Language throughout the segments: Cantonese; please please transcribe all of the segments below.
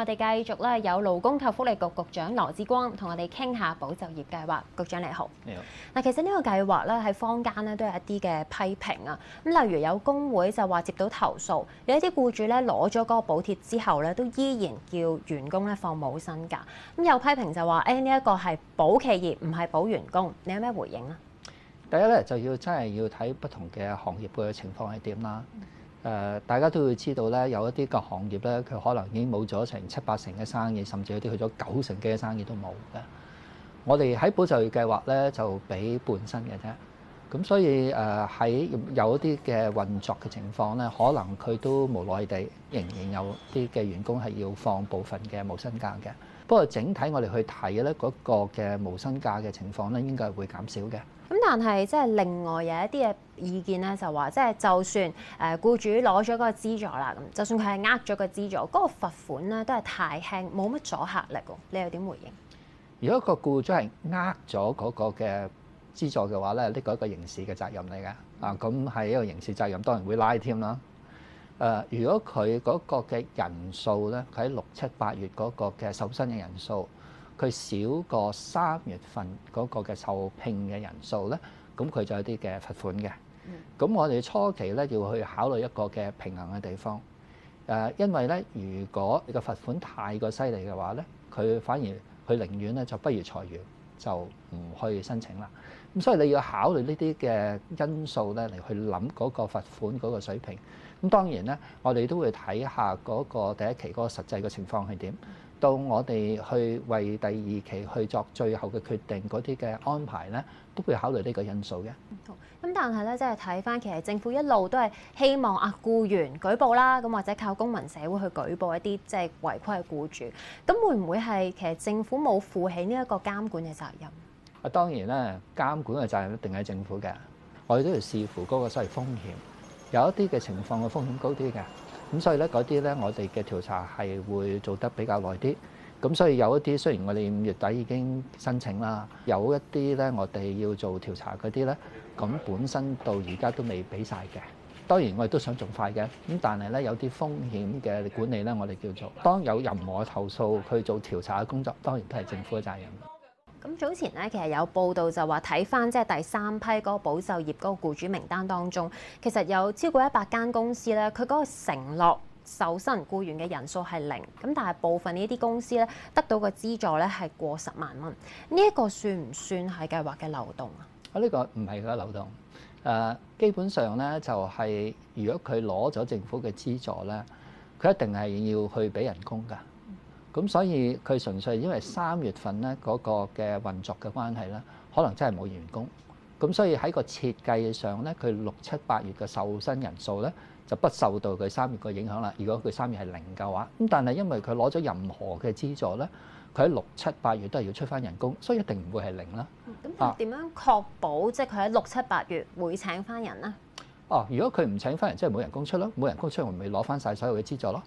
我哋繼續咧，有勞工及福利局局長羅致光同我哋傾下保就業計劃。局長你好，你好。嗱，其實呢個計劃咧喺坊間咧都有一啲嘅批評啊。咁例如有工會就話接到投訴，有一啲僱主咧攞咗嗰個補貼之後咧，都依然叫員工咧放冇薪假。咁有批評就話，誒呢一個係保企業，唔係保員工。你有咩回應啊？第一咧就真的要真係要睇不同嘅行業嘅情況係點啦。誒、呃，大家都會知道咧，有一啲個行業咧，佢可能已經冇咗成七八成嘅生意，甚至有啲去咗九成幾嘅生意都冇嘅。我哋喺保就業計劃咧，就俾半薪嘅啫。咁所以誒，喺、呃、有一啲嘅運作嘅情況咧，可能佢都無奈地，仍然有啲嘅員工係要放部分嘅無薪假嘅。不過整體我哋去睇咧，嗰個嘅無薪假嘅情況咧，應該係會減少嘅。咁但係即係另外有一啲嘅意見咧，就話即係就算誒僱主攞咗嗰個資助啦，咁就算佢係呃咗個資助，嗰個罰款咧都係太輕，冇乜阻嚇力喎。你又點回應？如果個僱主係呃咗嗰個嘅資助嘅話咧，呢個一個刑事嘅責任嚟嘅。啊，咁係一個刑事責任，當然會拉添啦。誒，如果佢嗰個嘅人數咧，佢喺六七八月嗰個嘅受薪嘅人數，佢少過三月份嗰個嘅受聘嘅人數咧，咁佢就有啲嘅罰款嘅。咁我哋初期咧要去考慮一個嘅平衡嘅地方。誒，因為咧，如果你個罰款太過犀利嘅話咧，佢反而佢寧願咧就不如裁員就唔去申請啦。咁所以你要考慮呢啲嘅因素咧嚟去諗嗰個罰款嗰個水平。咁當然咧，我哋都會睇下嗰個第一期嗰個實際嘅情況係點，到我哋去為第二期去作最後嘅決定嗰啲嘅安排咧，都會考慮呢個因素嘅。咁、嗯、但係咧，即係睇返其實政府一路都係希望啊，僱員舉報啦，咁或者靠公民社會去舉報一啲即係違規嘅僱主，咁會唔會係其實政府冇負起呢一個監管嘅責任？啊，當然啦，監管嘅責任一定係政府嘅，我哋都要視乎嗰個收益風險。有一啲嘅情況嘅風險高啲嘅，咁所以咧，嗰啲咧，我哋嘅調查係會做得比較耐啲。咁所以有一啲雖然我哋五月底已經申請啦，有一啲咧我哋要做調查嗰啲咧，咁本身到而家都未俾曬嘅。當然我哋都想盡快嘅，咁但係咧有啲風險嘅管理咧，我哋叫做當有任何投訴去做調查嘅工作，當然都係政府嘅責任。咁早前咧，其實有報道就話睇翻即係第三批嗰個保就業嗰個僱主名單當中，其實有超過一百間公司咧，佢嗰個承諾受薪僱員嘅人數係零，咁但係部分呢啲公司咧得到嘅資助咧係過十萬蚊，呢、這、一個算唔算係計劃嘅漏洞啊？啊，呢、這個唔係佢嘅漏洞，誒、呃，基本上咧就係、是、如果佢攞咗政府嘅資助咧，佢一定係要去俾人工㗎。咁所以佢純粹因為三月份咧嗰個嘅運作嘅關係咧，可能真係冇員工。咁所以喺個設計上咧，佢六七八月嘅受薪人數咧就不受到佢三月個影響啦。如果佢三月係零嘅話，咁但係因為佢攞咗任何嘅資助咧，佢喺六七八月都係要出翻人工，所以一定唔會係零啦。咁點樣確保即係佢喺六七八月會請翻人咧？哦，如果佢唔請翻人，即係冇人工出咯，冇人工出，我咪攞翻曬所有嘅資助咯。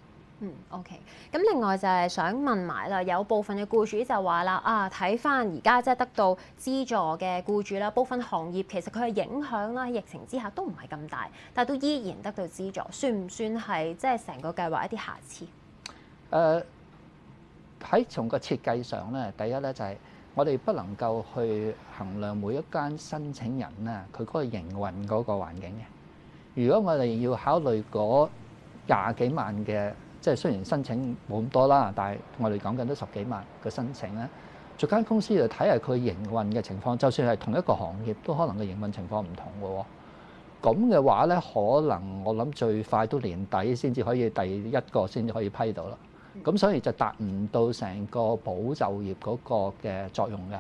嗯，OK。咁另外就係想問埋啦，有部分嘅僱主就話啦啊，睇返而家即係得到資助嘅僱主啦，部分行業其實佢嘅影響啦，疫情之下都唔係咁大，但係都依然得到資助，算唔算係即係成個計劃一啲瑕疵？誒、呃、喺從個設計上咧，第一咧就係、是、我哋不能夠去衡量每一間申請人咧佢嗰個營運嗰個環境嘅。如果我哋要考慮嗰廿幾萬嘅。即係雖然申請冇咁多啦，但係我哋講緊都十幾萬個申請咧。逐間公司就睇下佢營運嘅情況，就算係同一個行業，都可能個營運情況唔同嘅喎。咁嘅話咧，可能我諗最快都年底先至可以第一個先至可以批到啦。咁所以就達唔到成個保就業嗰個嘅作用嘅。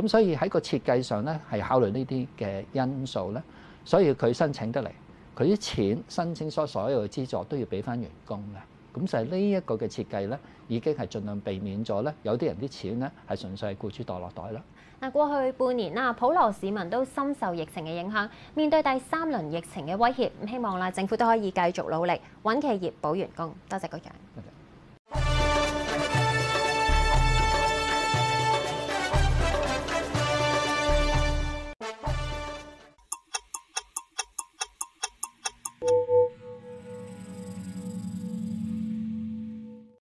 咁所以喺個設計上咧係考慮呢啲嘅因素咧，所以佢申請得嚟，佢啲錢申請所所有嘅資助都要俾翻員工嘅。咁就係呢一個嘅設計咧，已經係盡量避免咗咧有啲人啲錢咧係純粹係僱主袋落袋啦。嗱，過去半年啦，普羅市民都深受疫情嘅影響，面對第三輪疫情嘅威脅，咁希望啦，政府都可以繼續努力揾企業保員工。多謝局長。